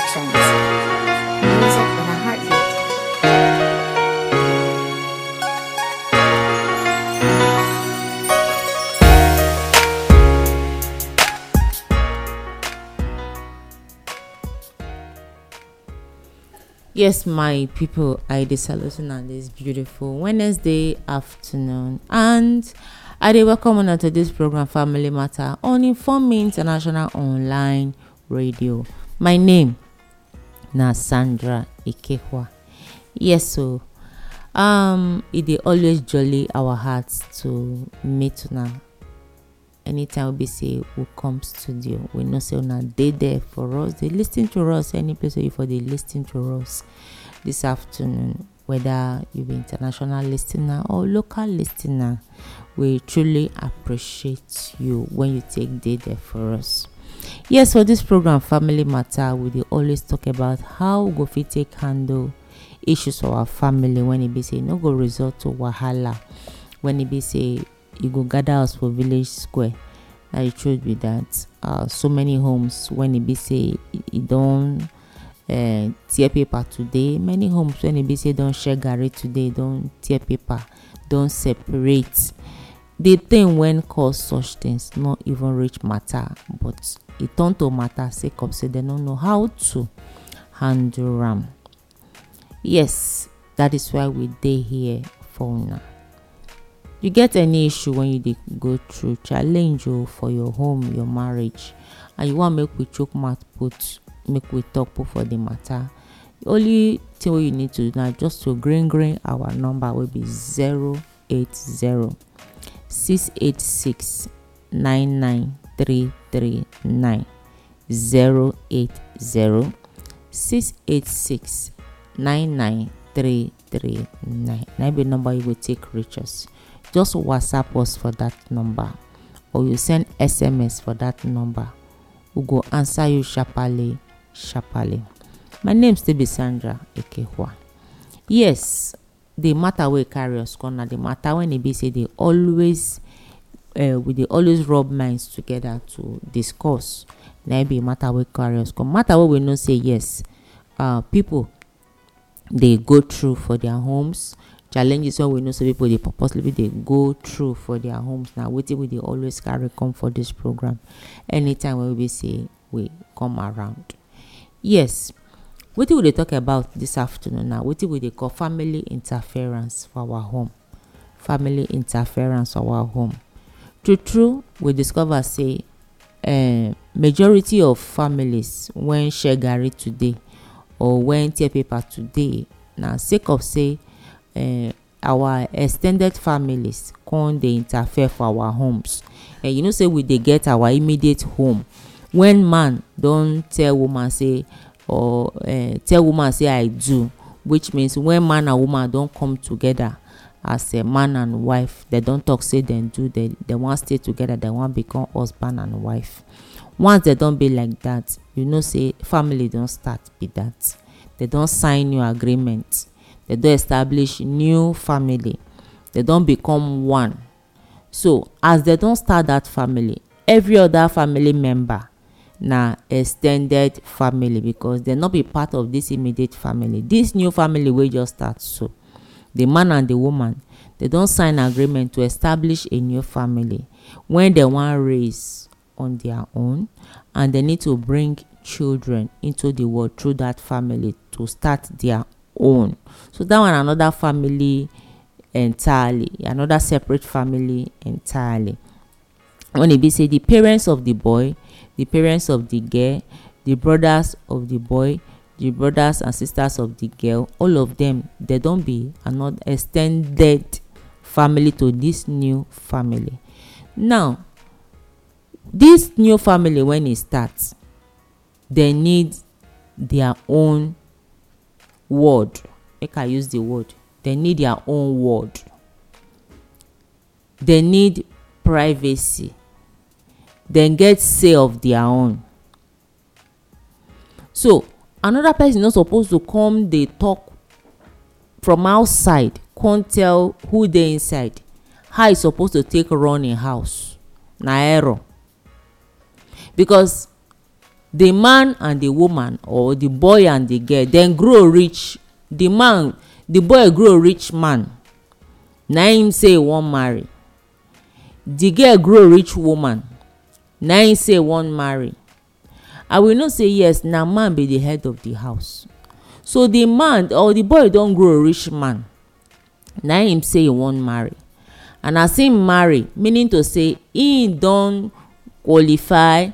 actions. Yes, my people, I saluting on this beautiful Wednesday afternoon, and I dey welcome on to this program, Family Matter, on Informe International Online Radio. My name na sandra ikehua yes o um, e dey always jolly our hearts to meet una anytime we be say we come studio we know say una dey there for us dey lis ten to us any place wey you for dey lis ten to us this afternoon whether you be international lis ten er or local lis ten er we truly appreciate you when you take dey there for us yes for this program family matter we dey always talk about how we go fit take handle issues for our family when e be say e no go result to wahala when e be say "You e go gather us for village square na the truth be that uh, so many homes when e be say e don uh, tear paper today many homes when e be say don share garri today don tear paper don separate the thing wen cause such things no even reach matter but e turn to matter sake of say dem no know how to handle am yes that is why we dey here for una you get any issue when you dey go through challenge o for your home your marriage and you wan make we chook mouth put make we talk put for the matter the only thing wey you need to do na just to green green our number wey be zero eight zero six eight six nine nine three 079 080 686 99339 na be number you go take reach us just whatsapp us for that number or you send sms for that number we go answer you sharply sharply my name still be sandra ekehua yes the matter wey carry us come na the matter wey e be say dey always uh, we dey always rub minds together to discuss na be matter wey carry us come matter wey we know say yes uh, people dey go through for their homes challenges wey we know say people dey purposely dey go through for their homes na wetin we dey always carry come for this program anytime wey we say we come around yes wetin we dey talk about this afternoon na wetin we dey call family interference for our home family interference for our home true true we discover say um majority of families wen share garri today or wen tear paper today na sake of say um our ex ten ded families come dey interfere for our homes and you know say we dey get our immediate home when man don tell woman say or uh, tell woman say i do which means when man and woman don come together as a man and wife dem don talk say dem do dem dem wan stay together dem wan become husband and wife once dem don be like that you know say family don start be that dem don sign new agreement dem don establish new family dem don become one so as dem don start that family every other family member na ex ten ded family because dem no be part of this immediate family this new family wey just start so the man and the woman they don sign agreement to establish a new family when they wan raise on their own and they need to bring children into the world through that family to start their own so that one another family entirely another separate family entirely when e be say the parents of the boy the parents of the girl the brothers of the boy the brothers and sisters of the girl all of them they don be another extended family to this new family now this new family when e start they need their own word make i use the word they need their own word they need privacy They get say of their own so another person no suppose to come dey talk from outside come tell who dey inside how e suppose to take run im house na error because the man and the woman or the boy and the girl dem grow reach the man the boy grow reach man na him say he wan marry the girl grow reach woman na him say he wan marry and we know say yes na man be the head of the house so the man or the boy don grow reach man na him say he wan marry and as him marry meaning to say he don qualify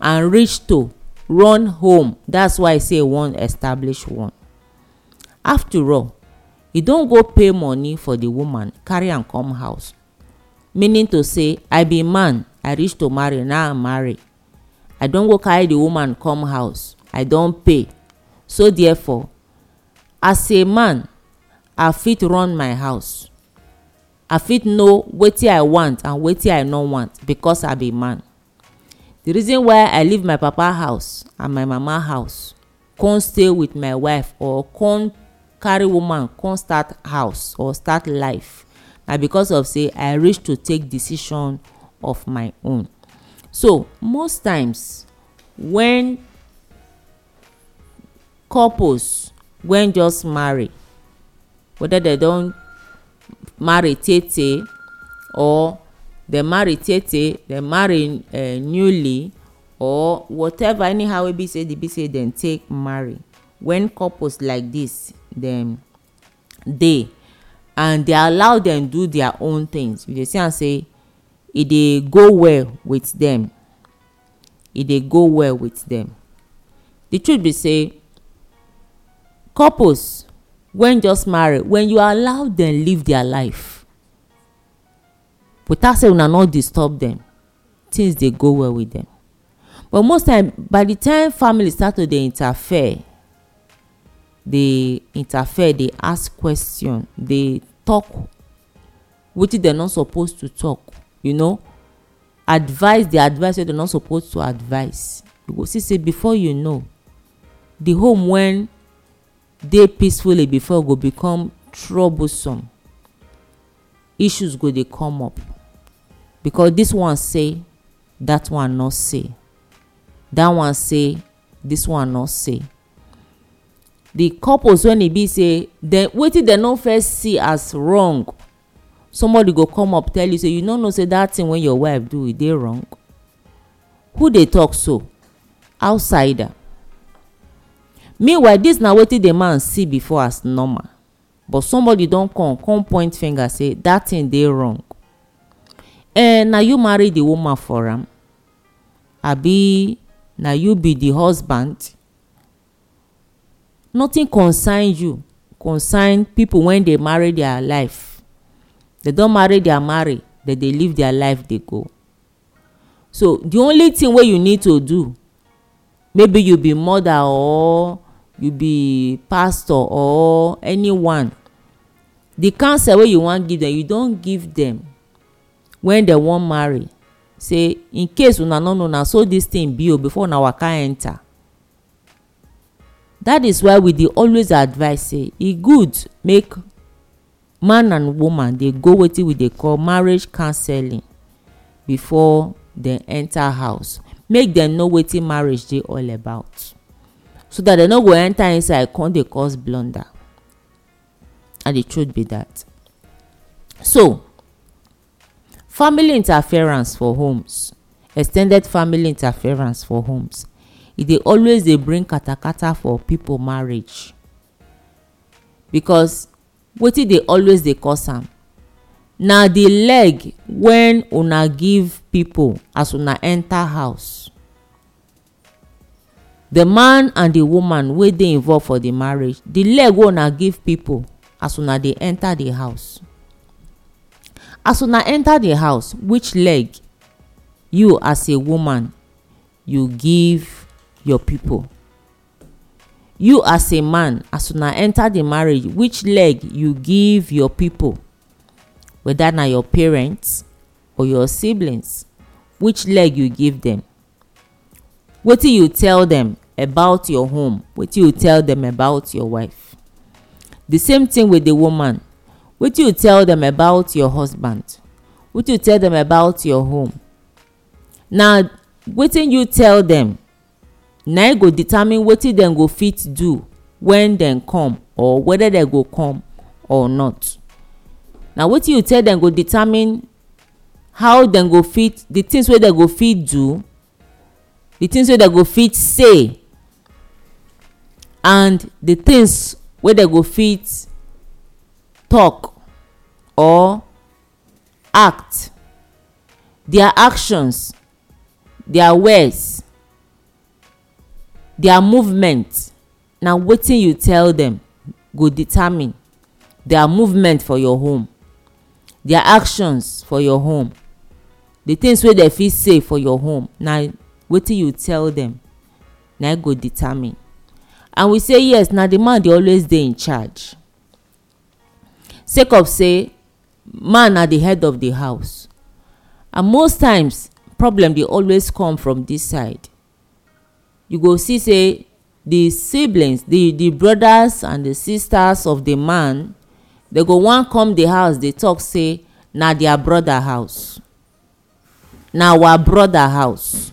and reach to run home that's why i say one establish one after all he don go pay money for the woman carry am come house meaning to say i be man i reach to marry now i marry i don go carry the woman come house i don pay so therefore as a man i fit run my house i fit know wetin i want and wetin i no want because i be man the reason why i leave my papa house and my mama house come stay with my wife or come carry woman come start house or start life na because of say i reach to take decision of my own so most times when couples wen just marry whether dem don marry tey or dem marry tey dem marry uh, newly or whatever anyhow wey be say the be say dem take marry when couples like this dem dey and dey allow dem do their own things you dey see am say e dey go well with them. e dey go well with them. the truth be say couples wen just marry when you allow them live their life without say una no disturb them, things dey go well with them. but most time by the time family start to dey interfere dey interfere dey ask question dey talk wetin dem no suppose to talk you know advice dey advice wey dem no suppose to advice you go see say before you know the home wen dey peacefully before go become troublesome issues go dey come up because this one say that one no say that one say this one no say the couples when e be say dem wetin dem no first see as wrong somebody go come up tell you say you no know say that thing wey your wife do e dey wrong who dey talk so outsider meanwhile this na wetin the man see before as normal but somebody don come come point finger say that thing dey wrong eh na you marry the woman for am abi na you be the husband nothing concern you concern people when they marry their life They don marry They are marry They dey live their life dey go so the only thing wey you need to do maybe you be mother or you be pastor or anyone the counsel wey you wan give them you don give them when they wan marry say in case una no know na so this thing be o before una waka enter that is why we dey always advise say e good make man and woman dey go wetin we dey call marriage counseling before dem enter house make dem know wetin marriage dey all about so that dem no go enter inside come dey cause blunder and the truth be that so family interference for homes ex ten ded family interference for homes e dey always dey bring katakata for people marriage because wetin dey always dey cause am na the leg wen una give people as una enter house the man and the woman wey dey involved for the marriage the leg wey una give people as una dey enter the house as una enter the house which leg you as a woman you give your people you as a man as una enter the marriage which leg you give your people whether na your parents or your siblings which leg you give them wetin you tell them about your home wetin you tell them about your wife the same thing with the woman wetin you tell them about your husband wetin you tell them about your home now wetin you tell them na e go determine wetin dem go fit do when dem come or whether dem go come or not na wetin you tell dem go determine how dem go fit the things wey dem go fit do the things wey dem go fit say and the things wey dem go fit talk or act their actions their words their movement na wetin you tell them go determine their movement for your home their actions for your home the things wey dem fit say for your home na wetin you tell them na e go determine and we say yes na the man dey always dey in charge sake of say man na the head of the house and most times problem dey always come from this side you go see say the siblings the the brothers and the sisters of the man they go wan come the house dey talk say na their brother house na our brother house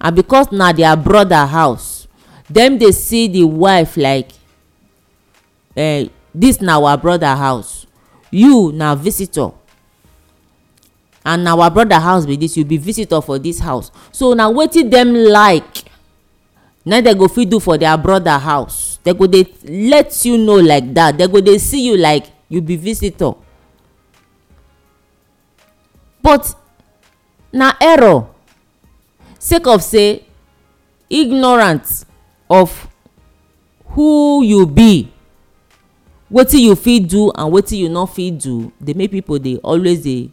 and because na their brother house dem dey see the wife like eh, this na our brother house you na visitor and na our brother house be this you be visitor for this house so na wetin dem like na dem go fit do for their brother house dem go dey let you know like that dem go dey see you like you be visitor but na error sake of say ignorant of who you be wetin you fit do and wetin you no fit do dey make people dey always dey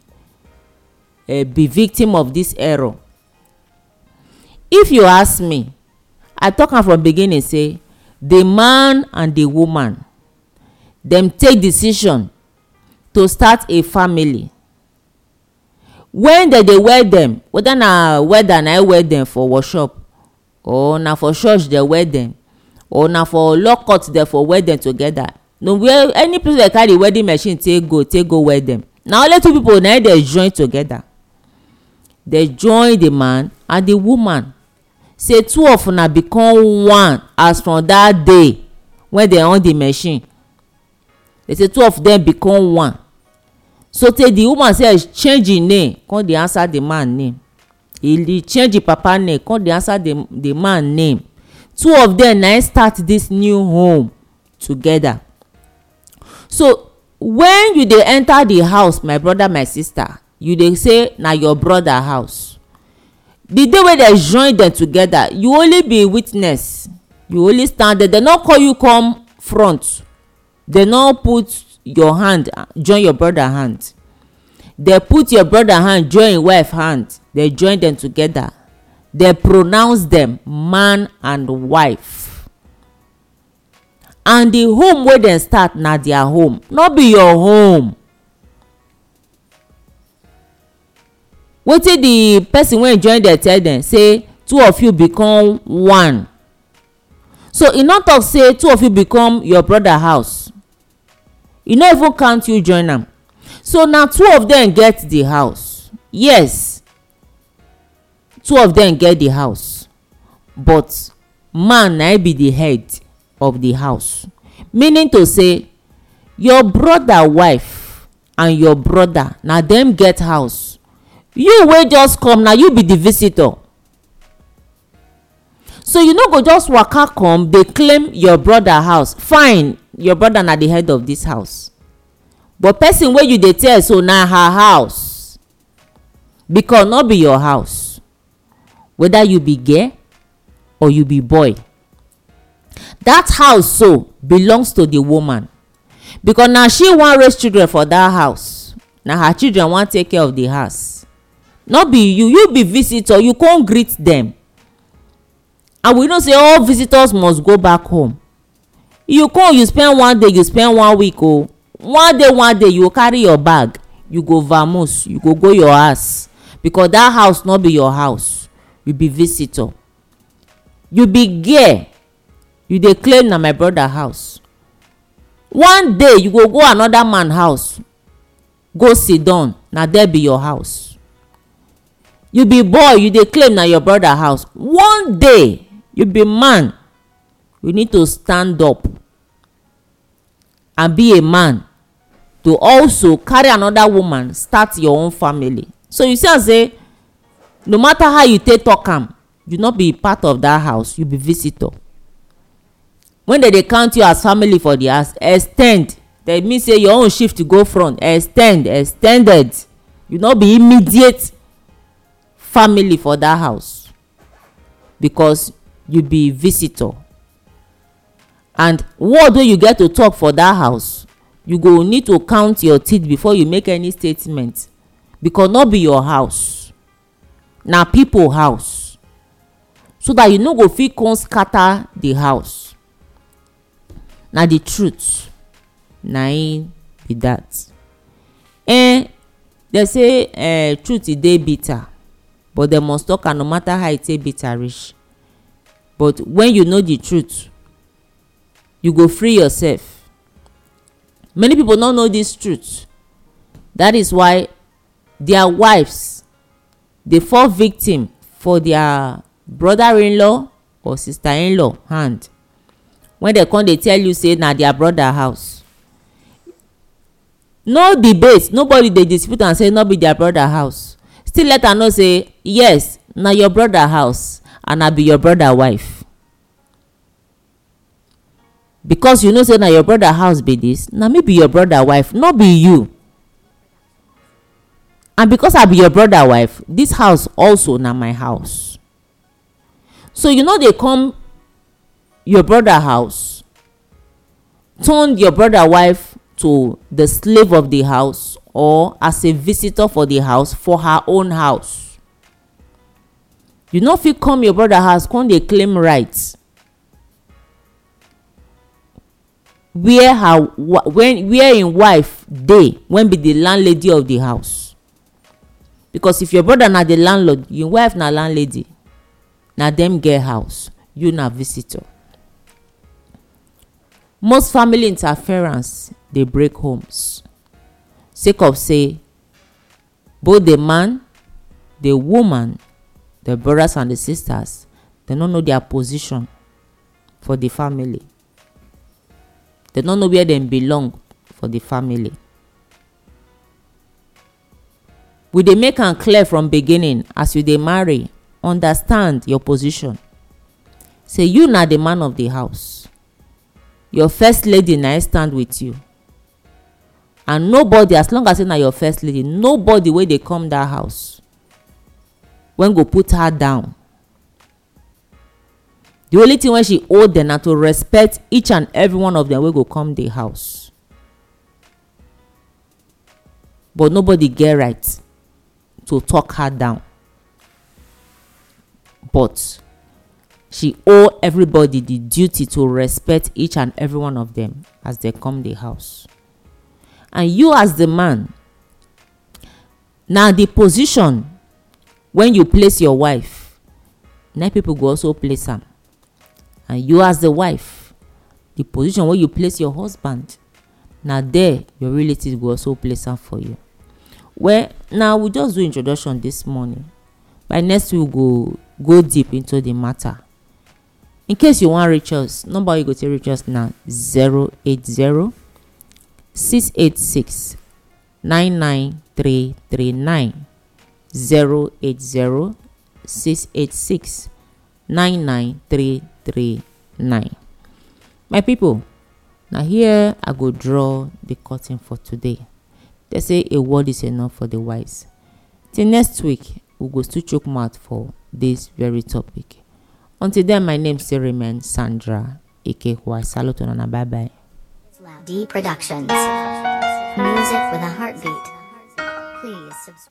uh, be victim of this error if you ask me i talk am from beginning say the man and the woman dem take decision to start a family when dem dey wear dem whether na whether na wear dem for workshop or na for church dem wear dem or na for law court dem for wear dem together no where any place dem carry wedding machine take go take go wear dem na only two people na dey join together dey join the man and the woman say two of una become one as from that day when dem on the machine dey say two of them become one so tey di woman sef change im name come dey answer the man name e change im papa name come dey answer the man name two of them na start this new home together so when you dey enter the house my brother my sister you dey say na your brother house the day wey dem join dem together you only be witness you only stand there dem no call you come front dem no put your hand join your brother hand dem put your brother hand join im wife hand dem join dem together dem pronounce dem man and wife and the home wey dem start na their home no be your home wetin the person wey join dem tell dem say two of you become one so e no talk say two of you become your brother house e no even count you join am so na two of them get the house yes two of them get the house but man na be the head of the house meaning to say your brother wife and your brother na them get house you wey just come na you be the visitor so you no go just waka come dey claim your brother' house fine your brother na the head of this house but person wey you dey tell so na her house because no be your house whether you be girl or you be boy that house so belongs to the woman because na she wan raise children for that house na her children wan take care of the house no be you you be visitor you come greet dem and we know say all visitors must go back home you come you spend one day you spend one week o oh. one day one day you go carry your bag you go vamoose you go go your house because that house no be your house you be visitor you be gear you dey claim na my brother house one day you go go another man house go sit down na there be your house you be boy you dey claim na your brother house one day you be man you need to stand up and be a man to also carry another woman start your own family so you see am say no matter how you take talk am you no be part of that house you be visitor when they dey count you as family for the house ex ten d dem mean say your own shift go front ex ten d ex ten ded you no be immediate family for that house because you be visitor and word wey you get to talk for that house you go need to count your teeth before you make any statement because no be your house na people house so that you no go fit come scatter the house na the truth na im be that eh dem say eh, truth e dey bitter but dem must talk am no matter how e take bitter reach but when you know the truth you go free yourself many people no know this truth that is why their wives dey fall victim for their brother-in-law or sister-in-law hand when dem come dey tell you say na their brother house no debate nobody dey dispute am say no be their brother house still let her know say yes na your brother house and i be your brother wife because you know say na your brother house be this na me be your brother wife no be you and because i be your brother wife this house also na my house so you no know dey come your brother house turn your brother wife to the slave of the house or as a visitor for the house for her own house you no fit come your brother house come dey claim right where her when where im wife dey when be the landlady of the house because if your brother na the landlord your wife na landlady na dem get house you na visitor most family interference dey break homes sake of say both the man the woman the brothers and the sisters they no know their position for the family They no know where dem belong for the family we dey make am clear from beginning as you dey marry understand your position say you na the man of the house your first lady na stand with you and nobody as long as say na your first lady nobody wey dey come that house wen go put her down the only thing wey she owe them na to respect each and every one of them wey go come the house but nobody get right to talk her down but she owe everybody the duty to respect each and every one of them as they come the house and you as the man na the position when you place your wife na people go also place am and you as the wife the position where you place your husband na there your relatives go also place am for you well now we just do introduction this morning by next week we go go deep into the matter in case you wan reach us number you go take reach us na zero eight zero 686 99339 080 686 99339. My people, now here I go draw the curtain for today. They say a word is enough for the wise. Till next week, we go still chook mouth for this very topic. Until then, my name still remains Sandra, aka Salutona. Bye bye. D Productions. Music with a heartbeat. Please subscribe.